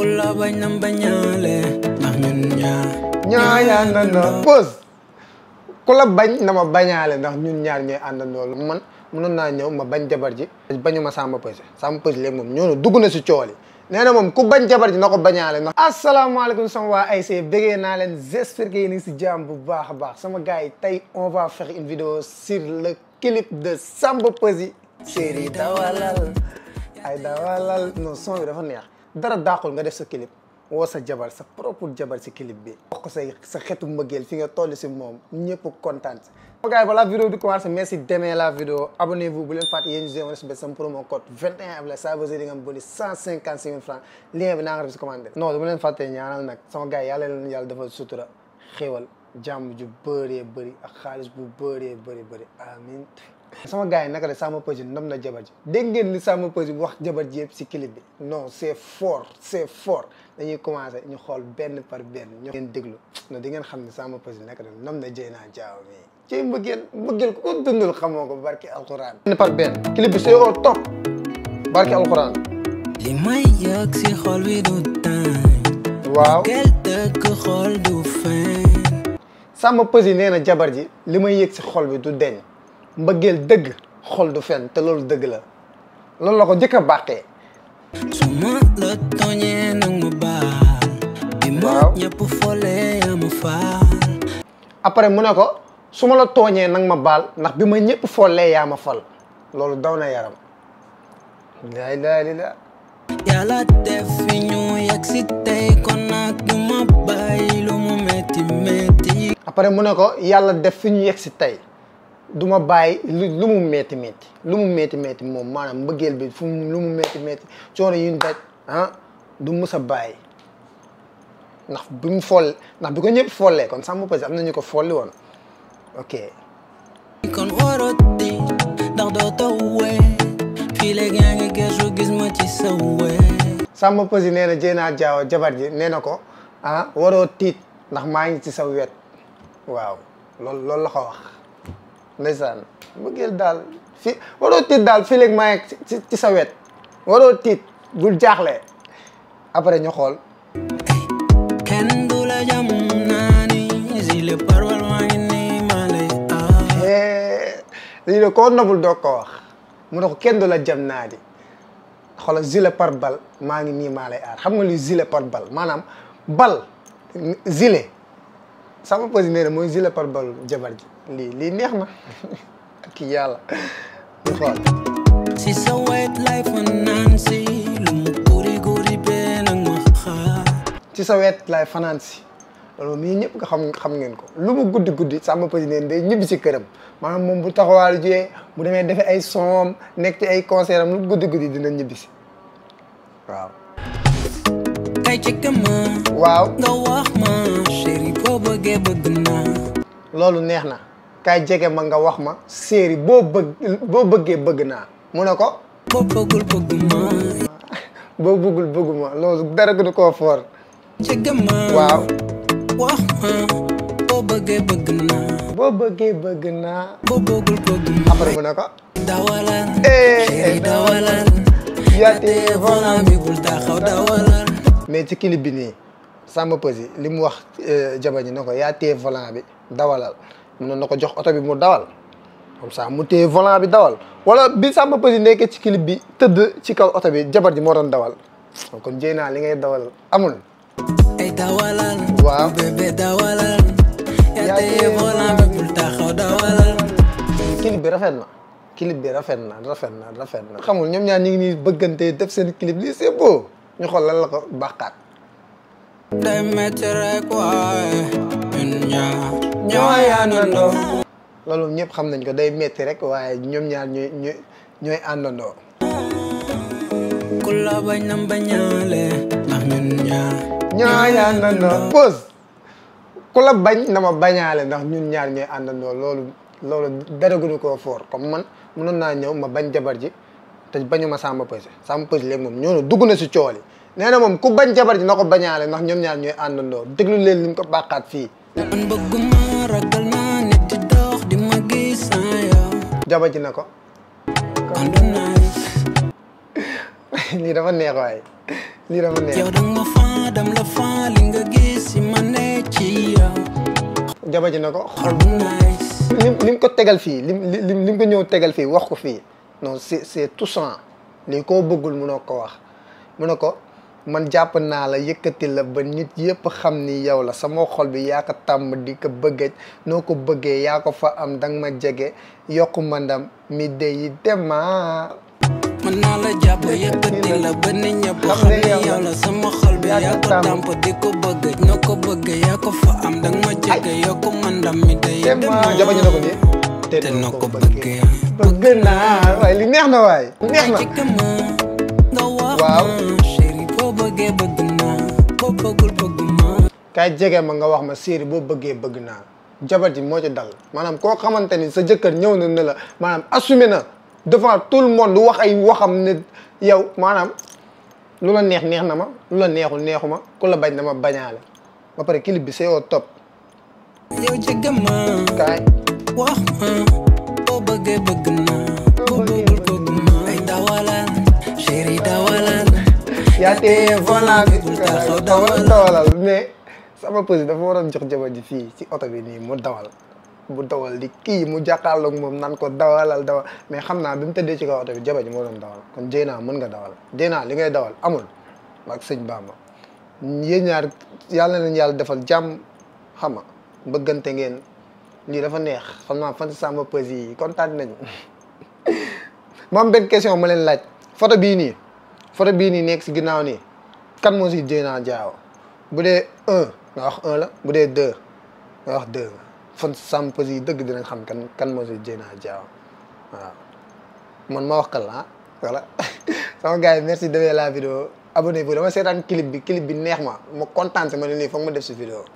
ku la bañ na bañaale ndax ñun ñaar bañ na ma ñun ñaar ñooy àndandoo man mënoon naa ñëw ma bañ jabar ji bañ ma Samba Peuzé Samba Peuzé léegi moom ñoonu dugg na si coow li nee na moom ku bañ jabar ji na ko bañaale ndax asalaamaaleykum sama waa ay bégee naa leen j'espère que yéen a ngi si jàmm bu baax a baax sama gars yi tey on va faire une vidéo sur le clip de Samba Peuzé série dawalal ay dawalal bi dafa neex dara daaxul nga def sa clip woo sa jabar sa propre jabar si clip bi wax ko say sa xetu mbëggeel fi nga toll si moom ñëpp kontaan si gars yi balaa vidéo di commencé merci d'aimer la vidéo abonnez-vous bu leen fàtte yéen ñu jéemoon si bet sama promo code 21 avril ça veut dire di nga am cent cinquante six mille francs lien bi naa si commande non du ma leen fàttee ñaanal nag sama gars yi yàlla leen yàlla jàmm ju bëree bëri ak xaalis bu bëree bëri bëri amin sama gars yi naka la Sama Peuzzi ndam na jabar ji dégg ngeen li Sama Peuzzi wax jabar ji yëpp si clip bi non c'est fort c'est fort dañuy commencé ñu xool benn par benn ñoo ngeen déglu non di ngeen xam ne Sama Peuzzi naka la ndam na jëy naa jaaw mi ciy mbëggeel mbëggeel ku ko dundul xamoo ko barki alxuraan benn par benn clip bi c'est au top barki alxuraan li may yëg si xol wi du tàng waaw kel dëkk xol du fin sama pesi nena jabar ji li yek yëg si xol bi du deñ mbëggeel dëgg xol du fen te loolu dëgg la loolu la ko jëkk a bàqee su la tooñee nag ma après mu ko la toñé nang ma bal nak bima ñepp folé ya ma fal lolou dawna yaram la laa ilaaha ya la def ñu yegg si tey kon dum après mu ne ko yàlla def fi ñu yegg si tey du ma bàyyi lu lu mu metti metti lu mu metti metti moom maanaam mbëggeel bi fu mu lu mu metti metti coono yu ñu ah, du musa a bàyyi ndax bi mu folle ndax bi ko ñëpp follee kon sàmm pasi am na ñu ko folli woon ok kon waroti ndax doo tawwee gis ma ci sawwee na Dieyna Diaw jabar ji nee na ko ah waroo tiit ndax maa ngi ci sa wet waaw loolu loolu la ko wax ndeysaan mbëggeel daal fi waroo tiit daal fii maa ci sa wet waroo bul jaaxle après ñu xool kenn du la jam naa ni si le maa ngi ni ma lay eh, lii de koo nobul doo ko wax mu ne ko kenn du la jam naa di xoolal gilet par bal maa ngi nii maa lay aar xam nga luy gilet par bal maanaam bal gilet sama pause nee moy mooy par pare jabar ji li li neex na ak yalla ñu si so wet life on nancy lu mu gori gori ben ak ma xaar si so wet life fanaan si loolu mii ñëpp nga xam xam ngeen ko lu mu guddi guddi sama pause nee day ñibbi ci kërëm manam mom bu taxawal jé bu démé défé ay som nek ci ay concertam am lu guddi guddi dina ñibbi ci waaw. ci waaw. nga wax bëggé bëgg na loolu neexna kay jégué ma nga wax ma séeri bo bëgg bo bëggé bëgg na mu ne ko bo bëggul bëgg ma bo bëggul bëgg ma loolu dara gënu ko for jégué ma waaw wax ma bo bëggé bëgg na bo bëggé bëgg na bo bëggul bëgg ma après mu ne ko dawalan eh dawalal yaatee wala mi bul ta xaw dawalan mais ci clip bi nii Samba Peuzzi li mu wax euh, jabar ji na ko yaa téye volant bi dawalal mun na ko jox oto bi mu dawal comme mu téye volant bi dawal wala bi Samba Peuzzi nekkee ci clip bi tëdd ci kaw oto bi jabar ji moo doon dawal kon jéy naa li ngay dawal amul. ay dawalal. waaw bébé bi bul taxaw dawalal. bi rafet na. clip bi rafet na rafet na rafet na. xamul ñoom ñaar ñu ngi nii bëggante def seen clip lii c'est beau ñu xool lan la ko baaxaat. day métti rek waaye ñun ñaar ñooy àndandoo. loolu ñëpp xam nañ ko day metti rek waaye ñoom ñaar ñooy ñooy ñooy àndandoo. ku bañ na bañ na ma bañaale ndax ñun ñaar ñooy àndandoo loolu loolu dara gënu koo foor comme man mënoon naa ñëw ma bañ jabar ji te bañu ma Samba Peuzé Samba Peuzé léegi moom ñoo dugg na si cool yi. nee mom ku bañ jabar ji nako bañale ndax ñom ñaar ñoy andando deglu leen lim ko bakkat fi jabar ji na ko lii dafa neex waaye lii dafa neex jabar ji nako xol lim lim ko tegal fi lim lim lim ko ñew tegal fi wax ko fi non c'est c'est ça lii ko bëggul munoo ko wax munoo ko man jàpp naa la yëkkati la ba nit yëpp xam ni yow la sama xol bi yaa ko tàmm di ko bëggee noo ko bëggee yaa ko fa am danga ma jege yokku mandam mi de yi dema mën naa la jàpp yëkkati la ba ma jege yokku ma mi de yi dema jabañu na ko naa waaye neex na kay jégué ma nga wax ma sir bo bëggé bëgg na jabar mo ci dal manam ko xamanteni sa jëkkeur ñëw na na la manam assumé na devant tout le monde wax ay waxam ne yow manam lu la neex neex na ma lu la neexul neexuma ma ku la bañ na ma bañaale ba paré clip bi sa yoo topp yow jégué ma kay wax ma bo bëggé bëgg naa gàttee volant bi dawalal mais sama pose dafa waroon jox jabar ji fii si oto bi nii mu dawal mu dawal di kii mu jàkkaarloog moom nan ko dawalal dawal mais xam naa bi mu ci kaw oto bi jabar ji moo doon dawal kon Dieyna mën nga dawal Dieyna li ngay dawal amul ak sëñ Bamba yéen ñaar yàlla na leen yàlla defal jàmm xam nga bëggante ngeen lii dafa neex xam naa fan sama pose yi kontaan nañu moom benn question ma leen laaj photo bii nii fara bi ni nek ci ginaaw ni kan mo ci jeena jaaw budé 1 nga wax 1 la budé 2 nga wax 2 fon sampozi deug dina xam kan, kan kan mo ci jeena jaaw man ma wax kan la wala sama gaay merci de la vidéo abonnez-vous dama sétane clip bi clip bi neex ma mo contenté ma ni fokh ma def ci vidéo